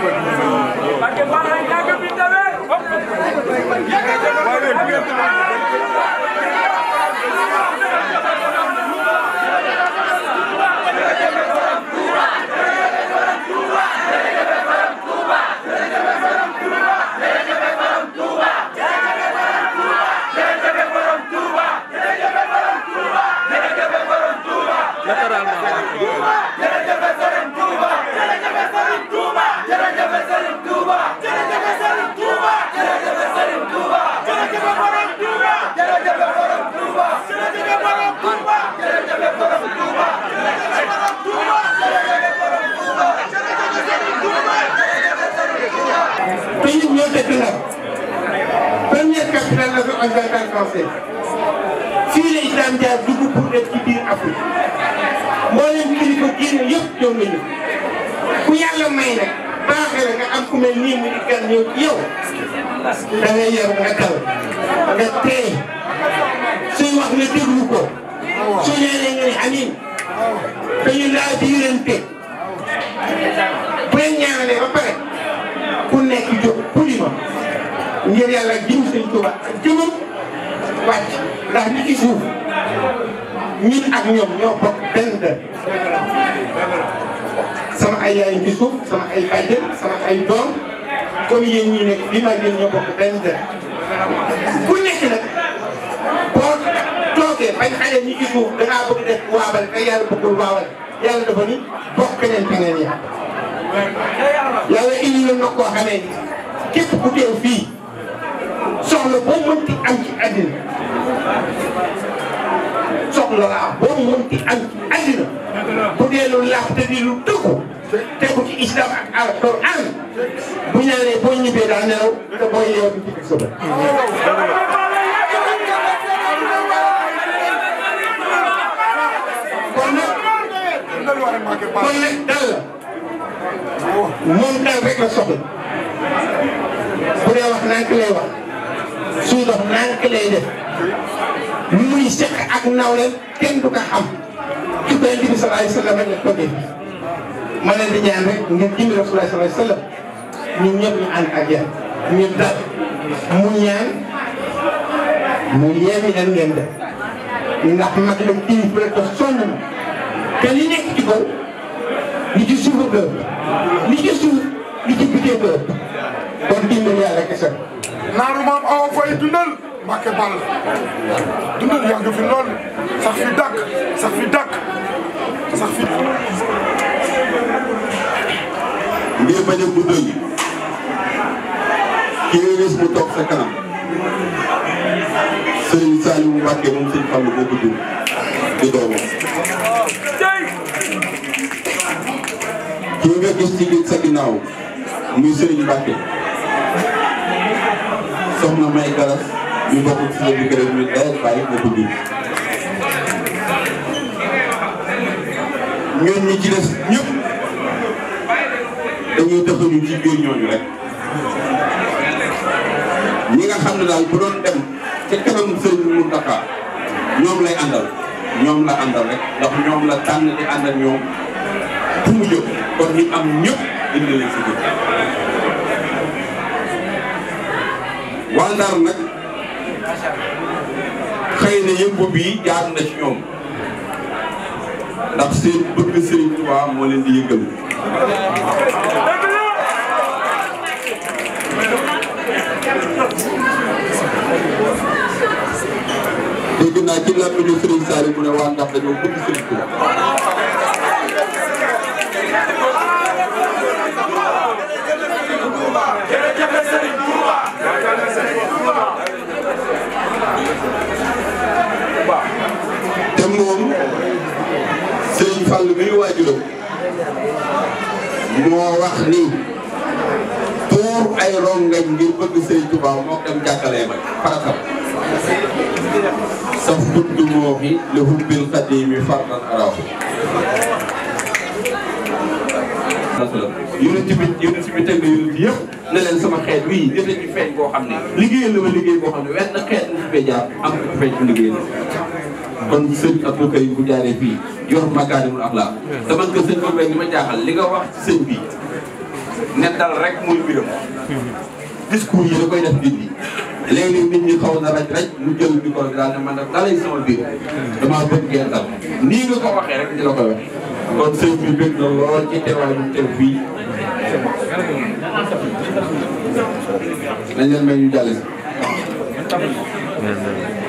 Let's go. première capitale la zone occidentale française fii la islam jaar dugg pour nekk ci biir Afrique moo leen kilifa diine yëpp ñoom la ku yàlla may nag baaxee la nga am ku mel nii mu ñëw ci yow da ngay yor nga dal nga teey suy wax nga déglu ko su ñaanee nga ne amiin dañu laa diirante bu leen ñaanalee ba pare ku nekk jóg pulima ngir yàlla jëm sëñ Tuuba ak jëmam ndax ñi ci suuf ñun ak ñoom ñoo bokk benn dër sama ay yaay ci suuf sama ay ay doom comme yéen ñi nekk bii maag yéen ñoo bokk benn ku nekk nag boo toogee bañ xale ñi ci suuf dangaa bëgg def waabal te yàlla bëggul waabal keneen fi ngeen yem la nag koo xamee ni képp ku teew fii soxla boo mënti am ci am ci àddina bu dee lu laax te di teg ko ci islam ak alquran bu ñu nee boo ñibbee daal nelaw te boo yeewu du ci suba. moom dal rek la soxla bu dee wax nànk lay wax suy dox nànk lay def muy seq ak nawle kenn du ko xam bi sallallahu alayhi wa sallam ko def. ma leen di ñaan rek ngeen indi Rasulullah sallallahu alayhi wasallam ñun ñëpp ñu ànd ak yéen ñu mu ñaan mu yeemi leen ngeen def ndax mag lañ kii rek te sonn na te li nekk ci kaw li ci suuf li ci suuf li ci bitee ba kon dimbali yàlla kese. maam aw fay dundal Mbàkke bal dundal yàgg fi lool sax fi dàkk sax fi dàkk sax fi. ngir bañ a guddal kii nga mu toog sa kanam Serigne Saliou mu moom Serigne Fallou boo ko jur di doomam kii nga gis ci biir sa ginnaaw muy Serigne Mbacke soxna May Galas ñu bokk ci seen bi gërëm ñu day bàyyi nga ko jur ñun ñi ci des ñëpp dañuy dëxañu ci biir ñooñu rek ñi nga xam ne daal bu doon dem ca kanam sëñ Mountakha ñoom lay àndal ñoom la àndal rek ndax ñoom la tànn di àndal ñoom fu mu jóg kon ñu am ñëpp indi leen si jóg waa Ndar nag xëy na yëngu bi jaar na ci ñoom ndax seen bëgg Sëriñ Tuubaa moo leen di yëgal dégg naa ci làmmiñu Sëriñ Saliou mu ne waa ndax dañoo bëgg Sëriñ Tuubaa te moom sëriñ Fall muy waajuram moo wax ni tuur ay rongañ ngir bëgg sëriñ Tuubaa moo dem jàkkalee mag faratam saf buddu mooxi li hubbil xadimi fardan arafu yonent bi yonent na yonent bi yëpp ne leen sama xeet xam ne liggéey la ma liggéey boo xam ne wenn xeet mu fi fee am ko fi feeñ ci liggéeyal kon sëñ ak lu koy bu jaaree fii yor makaarimul axlaaq te man ko sëñ Mbaye li ma jaaxal li nga wax ci sëñ bi ne dal rek muy mbiram mm-hmm. discours yi da koy def nit ñi na raj raj mu di ko daal ne man nag dalay sama mm-hmm. nii nga ko waxee rek di la koy wax kon sëñ bi bëgg na ci teewaay teew fii nañ leen may ñu jàll mm-hmm.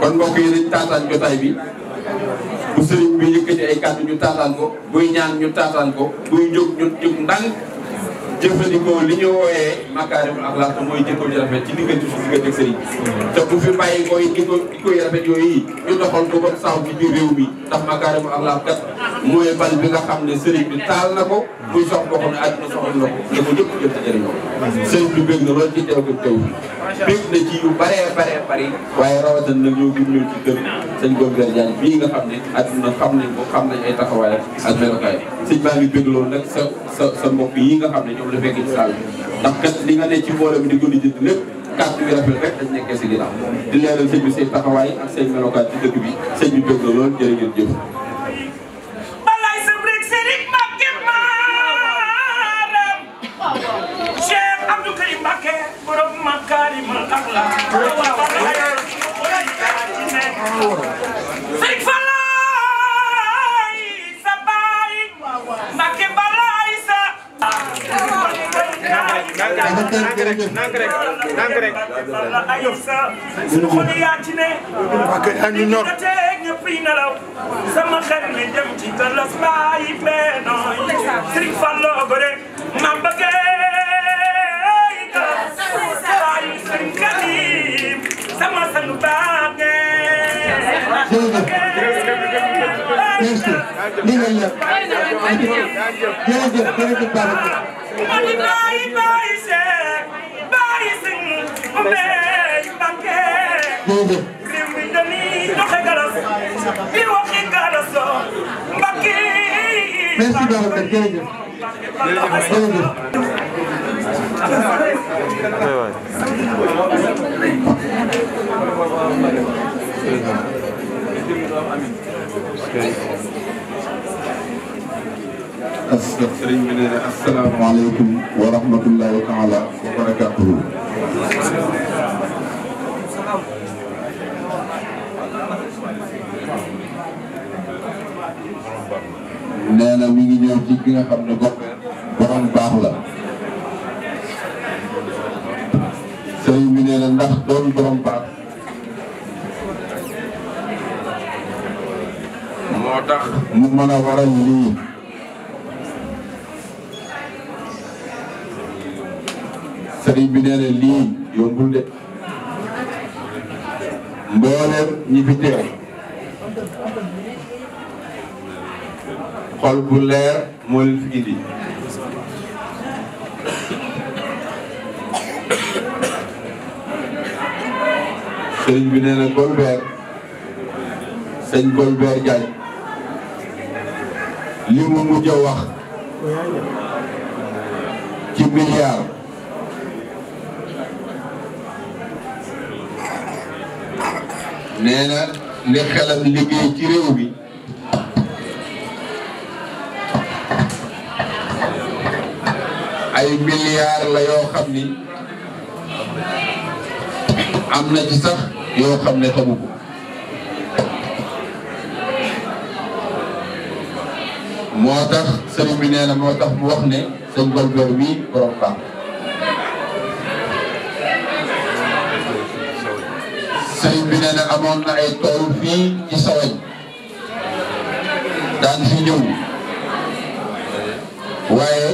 kon mbokk yi dañ taataan jotaay bi bu sëriñ bi yëkkati ay kàddu ñu taataan ko buy ñaan ñu taataan ko buy jóg ñu jóg ndànk jëfandikoo li ñu wooyee makaarimul axlaaq te mooy jikko ju rafet ci diggante su diggante ak sëriñ te bu fi bàyyi koy jikko jikko yu rafet yooyu ñu doxal ko ba sax ci biir réew mi ndax makaarimul axlaaq kat mooy bal bi nga xam ne sëriñ bi taal na ko muy sox boo xam ne àdduna soxal na ko da ko jëpp jëpp jëriñoo sëriñ bi bëgg na lool ci na ci yu baree baree waaye rawatina nag ñoo gën ñëw ci kër sëñ Golbert Diagne bii nga xam ne àdduna xam nañ ko xam nañ ay taxawaayam ak melokaayam sëñ baa ngi bëgg loolu nag sa sa sa mbokk yi nga xam ne ñoom la fekk ci saal bi li nga ne ci mbooloo bi di gën dañ nekkee si ginnaaw di leeral sëñ taxawaay ak seen melokaan ci bi sëñ bi lool jërëjëf jëf nank rek nank rek suñu xol yaa ci ne ak ñu ñor ñëpp yi nelaw sama xel mi jëm ci talas baay benno Serigne Fallou gore ma bëgg lii ngeen def jërëjëf jërëjëf Babacar. jërëjëf. merci Babacar jërëjëf. jërëjëf. Thank you. Ya. Assalamualaikum warahmatullahi wabarakatuh. taala wa barakatuhu mi ngi ñëw ci nga borom baax la ndax doon borom baax mu waral bi nee na lii yombul de mbooleem ñi fi teew xol bu leer moo leen fi bi nee na Golbert sëñ Golbert li mu mujj a wax ci milliard nee na li xelam liggéey ci réew bi ay milliards la yoo xam ni am na ci sax yoo xam ne xamu ko moo tax sëriñ bi nee na moo tax mu wax ne sëñ Golbert bi borom baax bi nee amoon na ay tool fii ci daan fi ñëw waaye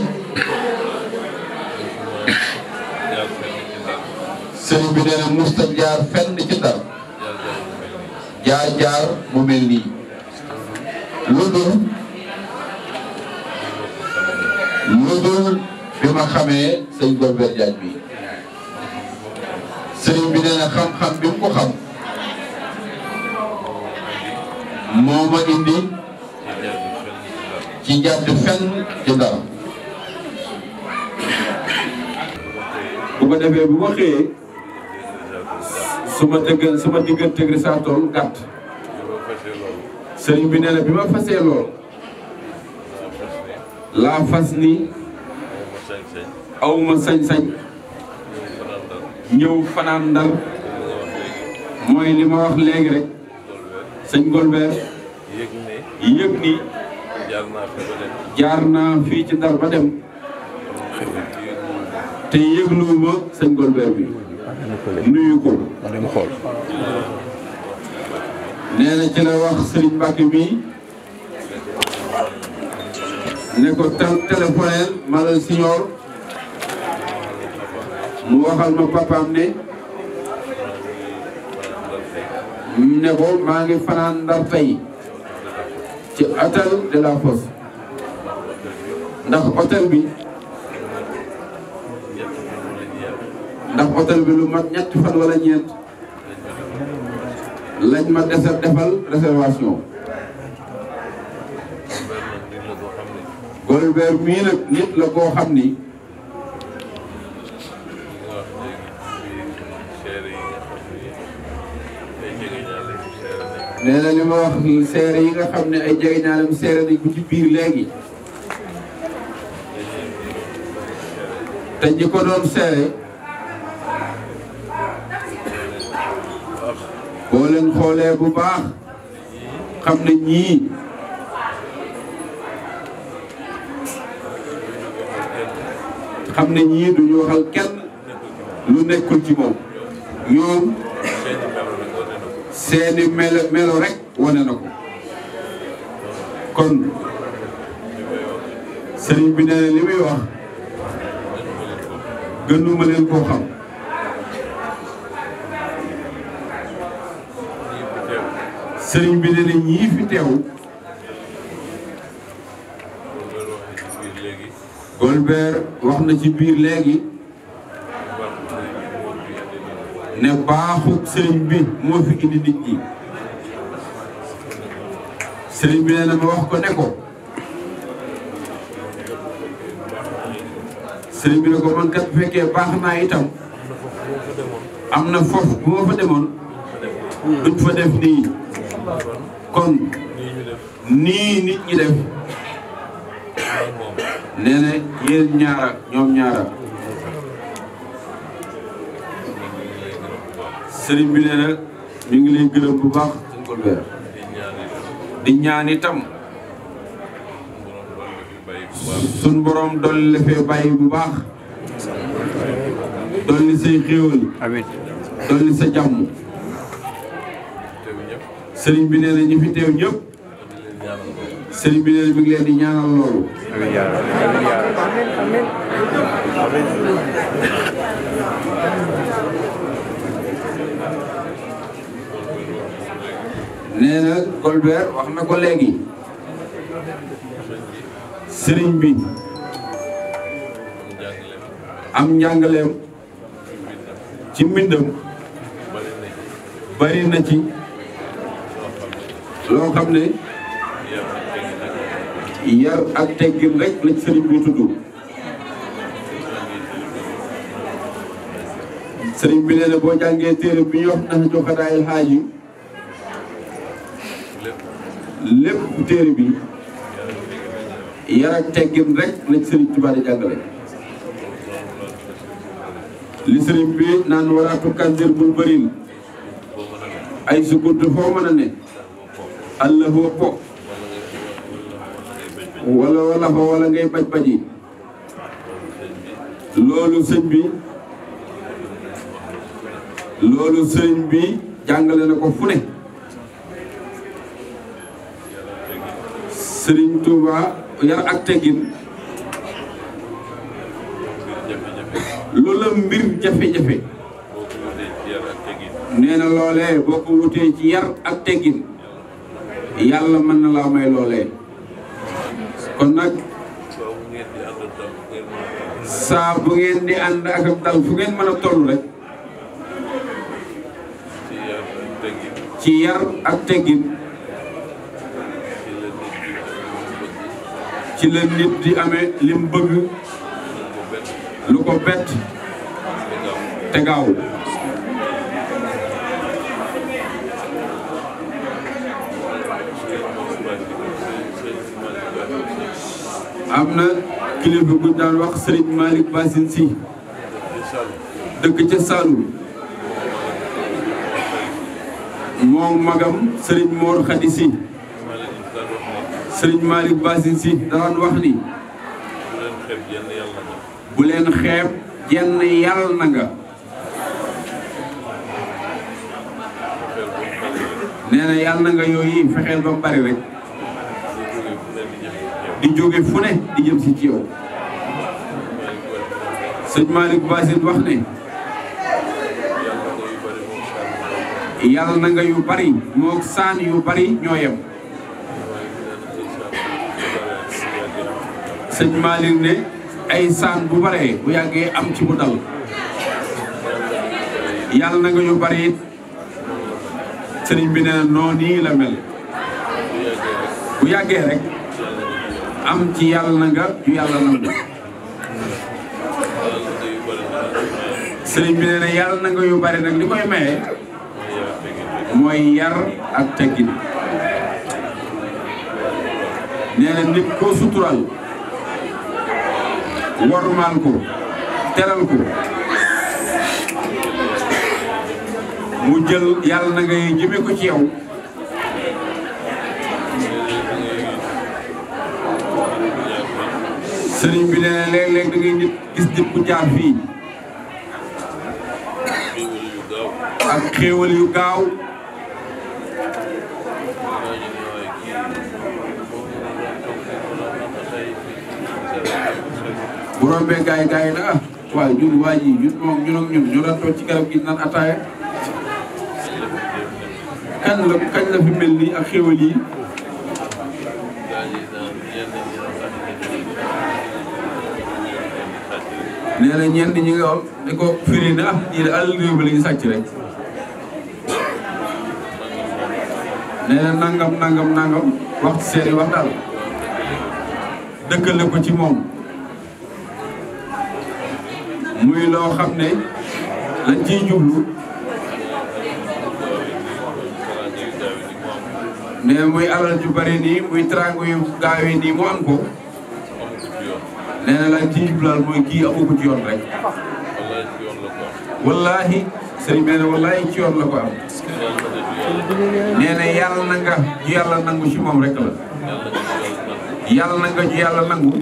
sëriñ bi nee musta jaar fenn ci jaar jaar mu mel nii lu dul lu bi ma xamee sëñ Golbert Diagne bi sëriñ bi nee xam-xam bi mu xam moo ma indi ci jàdd fenn ci Ndar bu ko defee bu ma su ma dëgg su saa tool gàtt sëriñ bi nee na bi ma fasee lool laa fas ni awma sañ-sañ ñëw fanaan Ndar mooy li ma wax léegi rek sëñ Golbert yëg ni jaar naa fi ba dem fii ci ndar ba dem te yëgluwuma sëñ Golbert bi nuyu ko ma ci la wax sëriñ Mbàkke mi ne ko téléphoneel ma la siñoor waxal ma papaam ne ne ko maa ngi fanaan ndar tey ci hôtel de la Fosse ndax hôtel bi ndax hôtel bi lu mat ñetti fan wala ñeent lañ ma dese defal réservation Golbert mii nag nit la koo xam ni nee na li ma wax nii seere yi nga xam ne ay jegeñaalam seere nañ ko ci biir léegi te ñi ko doon seere boo leen xoolee bu baax xam ne ñii xam ne ñii duñu waxal kenn lu nekkul ci moom ñoom seeni melo melo rek wane na kon sëriñ bi nee na li gënuma leen xam sëriñ bi nee na ñii fi wax na ci biir léegi ne baaxu sëriñ bi moo fi indi nit ñi sëriñ bi nee na ma wax ko ne ko bi ne ko man kat fekkee baax naa itam am na foofu bu ma fa demoon duñ fa def nii kon nii nit ñi def nee na ñaara ñoom ñaara sëriñ bi nee na ñu ngi lay gërëm bu baax di ñaan itam suñ borom dolli la fee bàyyi bu baax dolli say xéewal amiin dolli sa jàmm sëriñ bi nee ñu fi teew ñëpp sëriñ bi nee na ngi leen di ñaanal loolu nee na Golbert wax na ko léegi sëriñ bi am njàngaleem ci mbindam bari na ci loo xam ne yar ak teggin rek lañ sëriñ bi tudd sëriñ bi nee na boo jàngee téere bi ñu wax nax joxadaayil xaaj yi lépp téere bi yar ak teggin rek la Serigne Touba di jàngale li Serigne bi naan waraatu kandir bul bërin ay sukkunt foo mën a ne allahu ko wala wala fa wala ngay baj baji loolu sëñ bi loolu sëñ bi jàngale na ko fu ne Serigne Touba yar ak teggin lolam mbir jafé jafé nee lolé loolee wuté ci yar ak teggin yalla man na laa may lolé kon nak sa bu ngeen di and ak dal fu ngeen mën a toll rek ci yar ak teggin ci la nit di amee lim bëgg lu ko bett te am na kilifa gu daan wax Serigne Malick Bassine Sy dëkk ca Saloum moom magam Serigne Mor Khady sëriñ Malick Bassin si daan wax ni. bu leen xeeb jenn yàlla yooyu fexeel ba bari rek. di jóge fu ne di jëm si ci yow. sëñ Malick Bassin wax ne. yàlla na yu bari moog saan yu bari ñoo yem. sëñ Malick ne ay saan bu baree bu yàggee am ci mu dal yàlla na nga ñu bari it sëriñ bi nee noo nii la mel bu yàggee rek am ci yàlla na nga ñu yàlla nangu sëriñ bi nee na yàlla na nga yu bari nag li koy maye mooy yar ak teggin nee na nit koo sutural warumaan ko mu jël yàlla na ngay jëme ko ci yow sëriñ bi nee na léeg-léeg da ngay gis ku jaar ak xéewal yu gaaw bu rombee gars yi gars yi nag ah waaye ñun waa ji ñun moom ñun ak ñun ñu doon toog ci garab gi naan ataaya kañ la kañ la fi mel nii ak xéwal yi nee na ñenn ñi nga wax ne ko firi ne ah ñii de alal réew mi la ñu sàcc rek nee na nangam nangam nangam wax seeri wax daal dëkkale ko ci moom muy loo xam ne lañ ciy jublu ne muy alal ju bari nii muy trangu yu nii mu am ko nee na lañ jublaal mooy kii amu ci yoon rek wallaahi sëriñ bi ne wallaahi ci yoon la ko am nee na yàlla na nga ju yàlla nangu ci moom rek la yàlla na ju yàlla nangu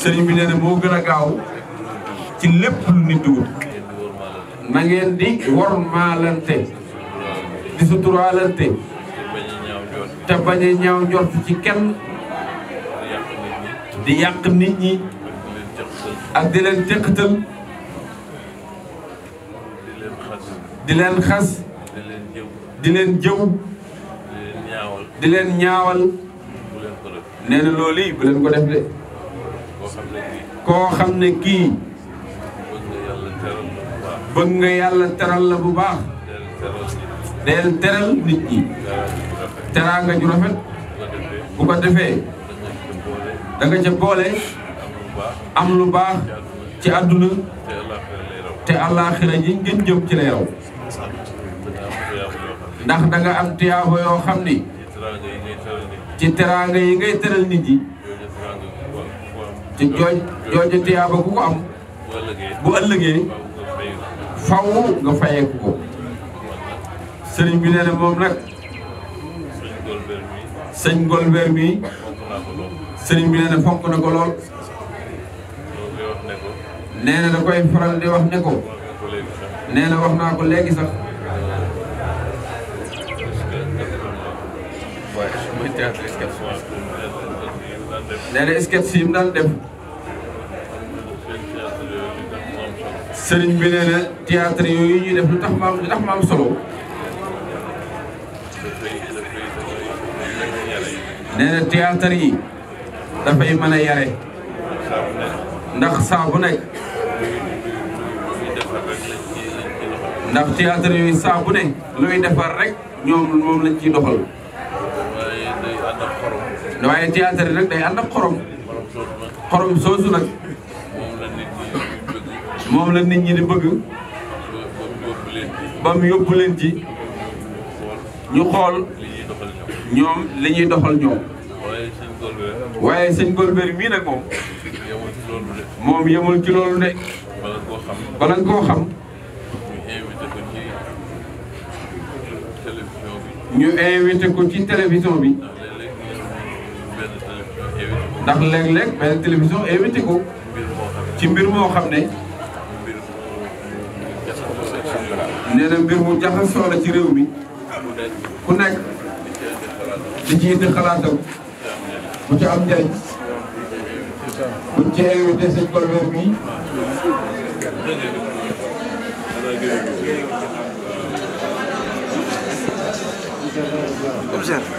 sëriñ bi nee na moo gën a gaaw ci lépp lu nit di wut na di wormaalante di suturaalante te bañ ñaaw njort ci kenn di yàq nit ñi ak di leen teqatal di leen xas di leen jëw di leen ñaawal nee loolu yi bu leen ko def de koo xam ne kii bëgg nga yàlla teral la bu baax deel teral nit ñi teraanga ju rafet bu ko defee danga nga ca boole am lu baax ci àdduna te àllaaxira yi ngeen jëm ci lay raw ndax da am tiyaabo yoo xam ni ci teraanga yi ngay teral nit yi ci jooj jooju tiyaabo ku ko am bu ëllëgee faw nga fayeeku ko sëriñ bi nee na moom nag sëñ Golbert mi sëriñ bi nee fonk na ko lool nee koy faral di wax ne ko nee na wax naa ko léegi sax nee na sketch yi mu sëriñ bi nee na yooyu ñuy def lu tax maam solo nee na yi dafay mën yare ndax saa bu ndax théâtre yooyu saa bu ne luy defar rek ñoom moom lañ ciy doxal waaye théâtre yi nag day ànd ak xorom soosu nag moom la nit ñi di bëgg ba mu yóbbu leen ci ñu xool ñoom li doxal ñoom waaye sëñ Golbert mii nag moom moom yemul ci loolu de bala koo xam ñu invité ko ci télévision bi ndax léeg-léeg benn télévision invité ko ci mbir moo xam ne nee na mbir mu jaxasoo la ci réew mi ku nekk di ci indi xalaatam bu ci am njëriñ buñ ci invité sëñ Golbert mii observe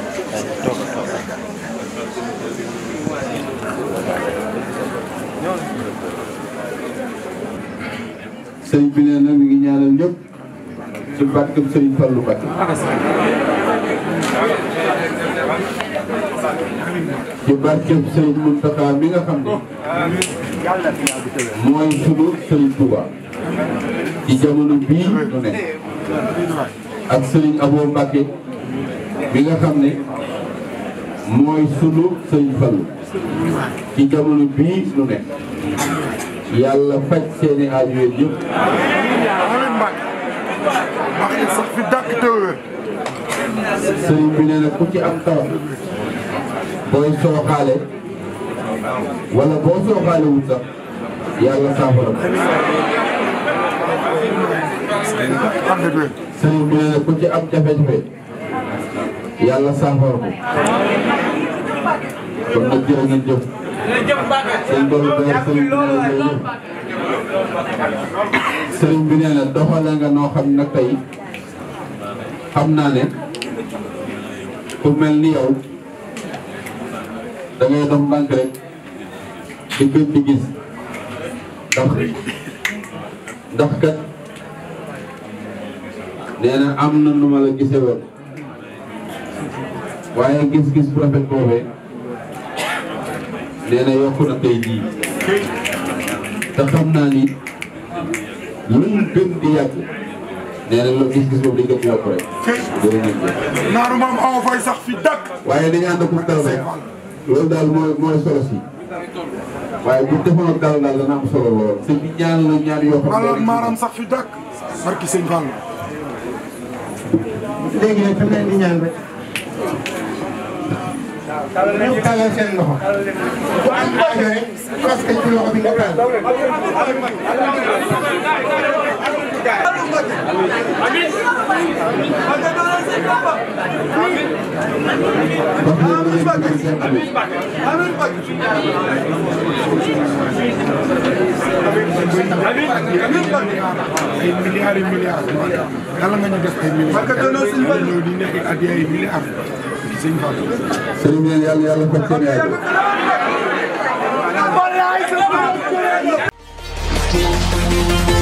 sëñ bi nee na mi ngi ci barke Serigne Fallou Mbacké ci barke Serigne Mountakha mi nga xam ne mooy sunu Serigne Touba ci jamono bii ñu ne ak Serigne Abo Mbacké mi nga xam ne mooy sunu Serigne Fallou ci jamono bii ñu ne yàlla faj seeni aajo yëpp fi dàkk te wér. sëriñ bi ku ci am tawat booy sooxaale wala boo sooxaale wul sax yàlla saafara ko. sëriñ bi ku ci am jafe-jafe yàlla saafara ko. kon nag jërë bi nee na nga noo xam nag tey. xam naa ne ku mel ni yow da ngay dox rek di gën gis ndax ndax kat nee am na nu ma la gisee waaye gis-gis bu rafet boobee nee yokku na tey jii xam naa ni gën di yàgg. nee lebih lu gis-gis boobu dañ ko ci yokk rek. jërëjëf. naanu moom aw fay sax fi dàq. waaye dañu ànd ak solo si. waaye bu defoon ak dal daal dana am solo lool. te bi ñaan la ñaan yoo xam ne. alors amin, amin, amin,